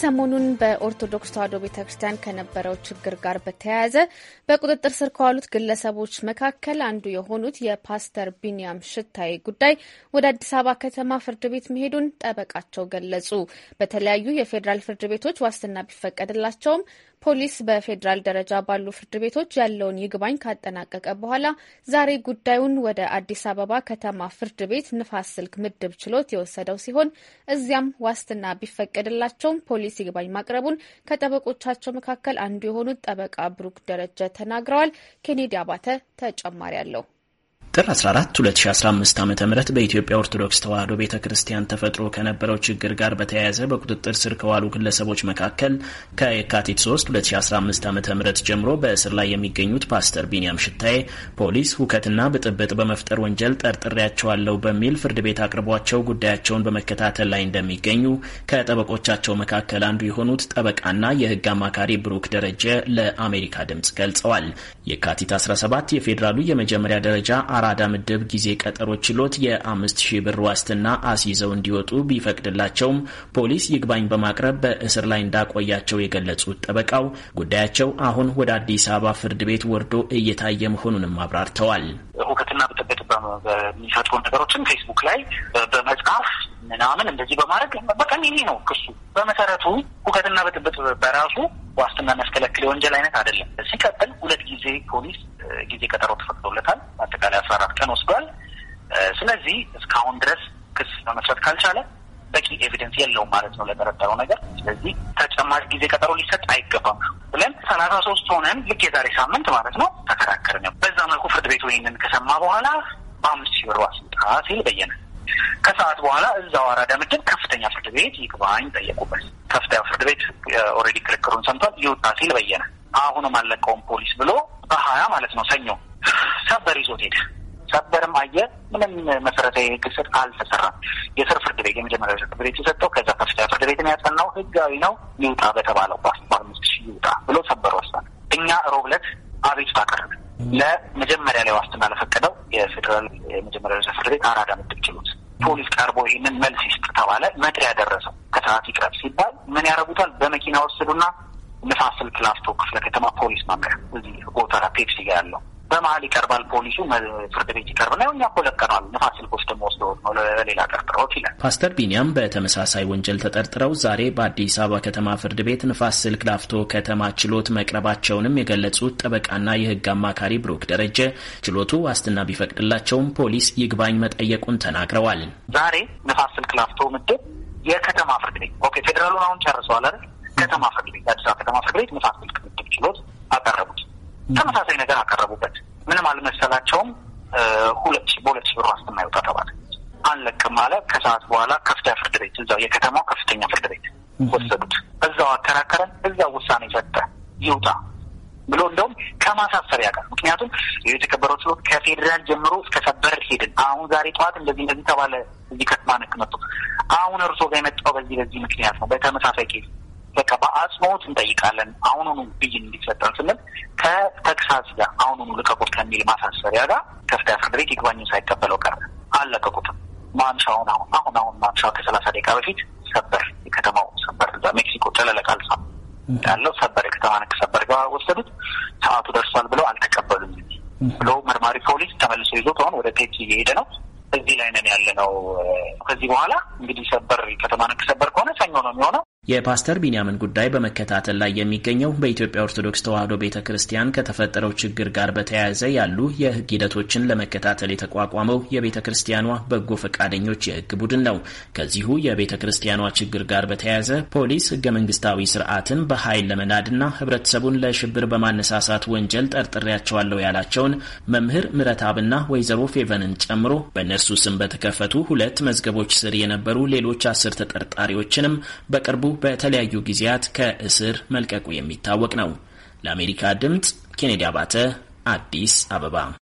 ሰሞኑን በኦርቶዶክስ ተዋሕዶ ቤተ ክርስቲያን ከነበረው ችግር ጋር በተያያዘ በቁጥጥር ስር ከዋሉት ግለሰቦች መካከል አንዱ የሆኑት የፓስተር ቢንያም ሽታዬ ጉዳይ ወደ አዲስ አበባ ከተማ ፍርድ ቤት መሄዱን ጠበቃቸው ገለጹ። በተለያዩ የፌዴራል ፍርድ ቤቶች ዋስትና ቢፈቀድላቸውም ፖሊስ በፌዴራል ደረጃ ባሉ ፍርድ ቤቶች ያለውን ይግባኝ ካጠናቀቀ በኋላ ዛሬ ጉዳዩን ወደ አዲስ አበባ ከተማ ፍርድ ቤት ንፋስ ስልክ ምድብ ችሎት የወሰደው ሲሆን እዚያም ዋስትና ቢፈቀድላቸውም ፖሊስ ይግባኝ ማቅረቡን ከጠበቆቻቸው መካከል አንዱ የሆኑት ጠበቃ ብሩክ ደረጀ ተናግረዋል። ኬኔዲ አባተ ተጨማሪ አለው። ጥር 14 2015 ዓ ም በኢትዮጵያ ኦርቶዶክስ ተዋሕዶ ቤተ ክርስቲያን ተፈጥሮ ከነበረው ችግር ጋር በተያያዘ በቁጥጥር ስር ከዋሉ ግለሰቦች መካከል ከየካቲት 3 2015 ዓ ም ጀምሮ በእስር ላይ የሚገኙት ፓስተር ቢንያም ሽታዬ ፖሊስ ሁከትና ብጥብጥ በመፍጠር ወንጀል ጠርጥሬያቸዋለሁ በሚል ፍርድ ቤት አቅርቧቸው ጉዳያቸውን በመከታተል ላይ እንደሚገኙ ከጠበቆቻቸው መካከል አንዱ የሆኑት ጠበቃና የህግ አማካሪ ብሩክ ደረጀ ለአሜሪካ ድምጽ ገልጸዋል። የካቲት 17 የፌዴራሉ የመጀመሪያ ደረጃ አራ በአራዳ ምድብ ጊዜ ቀጠሮ ችሎት የአምስት ሺህ ብር ዋስትና አስይዘው እንዲወጡ ቢፈቅድላቸውም ፖሊስ ይግባኝ በማቅረብ በእስር ላይ እንዳቆያቸው የገለጹት ጠበቃው ጉዳያቸው አሁን ወደ አዲስ አበባ ፍርድ ቤት ወርዶ እየታየ መሆኑንም አብራርተዋል። ሁከትና ብጥብጥ በሚፈጥሩ ነገሮችን ፌስቡክ ላይ በመጽሐፍ ምናምን እንደዚህ በማድረግ በጣም ይሄ ነው ክሱ። በመሰረቱ ሁከትና ብጥብጥ በራሱ ዋስትና የሚያስከለክል የወንጀል አይነት አይደለም። ሲቀጥል ሁለት ጊዜ ፖሊስ ጊዜ ቀጠሮ ተፈቅዶለታል። ቀን ወስዷል። ስለዚህ እስካሁን ድረስ ክስ መመስረት ካልቻለ በቂ ኤቪደንስ የለውም ማለት ነው ለጠረጠረው ነገር። ስለዚህ ተጨማሪ ጊዜ ቀጠሮ ሊሰጥ አይገባም ብለን ሰላሳ ሶስት ሆነን ልክ የዛሬ ሳምንት ማለት ነው ተከራከር ነው። በዛ መልኩ ፍርድ ቤቱ ይህንን ከሰማ በኋላ በአምስት ሺህ ብር ዋስ ሲል በየነ። ከሰዓት በኋላ እዛው አራዳ ምድብ ከፍተኛ ፍርድ ቤት ይግባኝ ጠየቁበት። ከፍተኛ ፍርድ ቤት ኦልሬዲ ክርክሩን ሰምቷል። ይውጣ ሲል በየነ አሁንም አለቀውም ፖሊስ ብሎ በሀያ ማለት ነው ሰኞ ሰበር ይዞት ሄደ። ሰበርም አየር ምንም መሰረታዊ ህግ ስር አልተሰራም። የስር ፍርድ ቤት የመጀመሪያ ፍርድ ቤት የሰጠው ከዛ ከፍተኛ ፍርድ ቤት ነው ያጸናው። ህጋዊ ነው ይውጣ በተባለው በአምስት ሺህ ይውጣ ብሎ ሰበር ወሰነ። እኛ ሮብ ዕለት አቤቱታ አቀረብን ለመጀመሪያ ላይ ዋስትና ለፈቀደው የፌዴራል የመጀመሪያ ፍርድ ቤት አራዳ ምድብ ችሎት ፖሊስ ቀርቦ ይህንን መልስ ይስጥ ተባለ። መጥሪያ ደረሰው። ከሰዓት ይቅረብ ሲባል ምን ያደርጉታል? በመኪና ወስዱና ንፋስ ስልክ ላፍቶ ክፍለ ከተማ ፖሊስ መምሪያ እዚህ ጎተራ ፔፕሲ ያለው በመሀል ይቀርባል ፖሊሱ ፍርድ ቤት ይቀርብና እኛ እኮ ለቀናል ንፋስ ስልኮች ደግሞ ወስደው ነው ለሌላ ቀርጥረውት ይላል። ፓስተር ቢኒያም በተመሳሳይ ወንጀል ተጠርጥረው ዛሬ በአዲስ አበባ ከተማ ፍርድ ቤት ንፋስ ስልክ ላፍቶ ከተማ ችሎት መቅረባቸውንም የገለጹት ጠበቃና የህግ አማካሪ ብሩክ ደረጀ ችሎቱ ዋስትና ቢፈቅድላቸውም ፖሊስ ይግባኝ መጠየቁን ተናግረዋል። ዛሬ ንፋስ ስልክ ላፍቶ ምድብ የከተማ ፍርድ ቤት ኦኬ፣ ፌዴራሉን አሁን ጨርሰዋል አይደል? ከተማ ፍርድ ቤት አዲስ አበባ ከተማ ፍርድ ቤት ንፋስ ስልክ ምድብ ችሎት አቀረቡት። ተመሳሳይ ነገር አቀረቡበት ሁላቸውም ሁለት ሺህ በሁለት ሺህ ብር ዋስትና ይውጣ ተባለ። አንለቅም አለ። ከሰዓት በኋላ ከፍተኛ ፍርድ ቤት እዛው የከተማው ከፍተኛ ፍርድ ቤት ወሰዱት። እዛው አከራከረን፣ እዛው ውሳኔ ሰጠ ይውጣ ብሎ እንደውም ከማሳሰቢያ ጋር ምክንያቱም የተከበረው ችሎት ከፌዴራል ጀምሮ እስከ ሰበር ሄድን። አሁን ዛሬ ጠዋት እንደዚህ እንደዚህ ተባለ። እዚህ ከተማ ነክ መጡ። አሁን እርሶ ጋር የመጣው በዚህ በዚህ ምክንያት ነው። በተመሳሳይ ኬዝ በቃ በአጽንኦት እንጠይቃለን። አሁኑኑ ብይን እንዲሰጠን ስንል ከተክሳስ ጋር አሁኑኑ ልቀቁት ከሚል ማሳሰሪያ ጋር ከፍተኛ ፍርድ ቤት ይግባኙን ሳይቀበለው ቀረ። አልለቀቁትም። ማምሻውን አሁን አሁን አሁን ማምሻ ከሰላሳ ደቂቃ በፊት ሰበር የከተማው ሰበር እዛ ሜክሲኮ ሳ ያለው ሰበር የከተማ ነክ ሰበር ጋር ወሰዱት። ሰዓቱ ደርሷል ብለው አልተቀበሉም ብሎ መርማሪ ፖሊስ ተመልሶ ይዞት አሁን ወደ ፔቲ እየሄደ ነው። እዚህ ላይ ነን ያለ ነው። ከዚህ በኋላ እንግዲህ ሰበር ከተማ ነክ ሰበር ከሆነ ሰኞ ነው የሚሆነው። የፓስተር ቢንያምን ጉዳይ በመከታተል ላይ የሚገኘው በኢትዮጵያ ኦርቶዶክስ ተዋሕዶ ቤተ ክርስቲያን ከተፈጠረው ችግር ጋር በተያያዘ ያሉ የሕግ ሂደቶችን ለመከታተል የተቋቋመው የቤተ ክርስቲያኗ በጎ ፈቃደኞች የሕግ ቡድን ነው። ከዚሁ የቤተ ክርስቲያኗ ችግር ጋር በተያያዘ ፖሊስ ሕገ መንግስታዊ ስርዓትን በኃይል ለመናድና ህብረተሰቡን ለሽብር በማነሳሳት ወንጀል ጠርጥሬያቸዋለሁ ያላቸውን መምህር ምረታብና ወይዘሮ ፌቨንን ጨምሮ በእነርሱ ስም በተከፈቱ ሁለት መዝገቦች ስር የነበሩ ሌሎች አስር ተጠርጣሪዎችንም በቅርቡ በተለያዩ ጊዜያት ከእስር መልቀቁ የሚታወቅ ነው። ለአሜሪካ ድምፅ ኬኔዲ አባተ አዲስ አበባ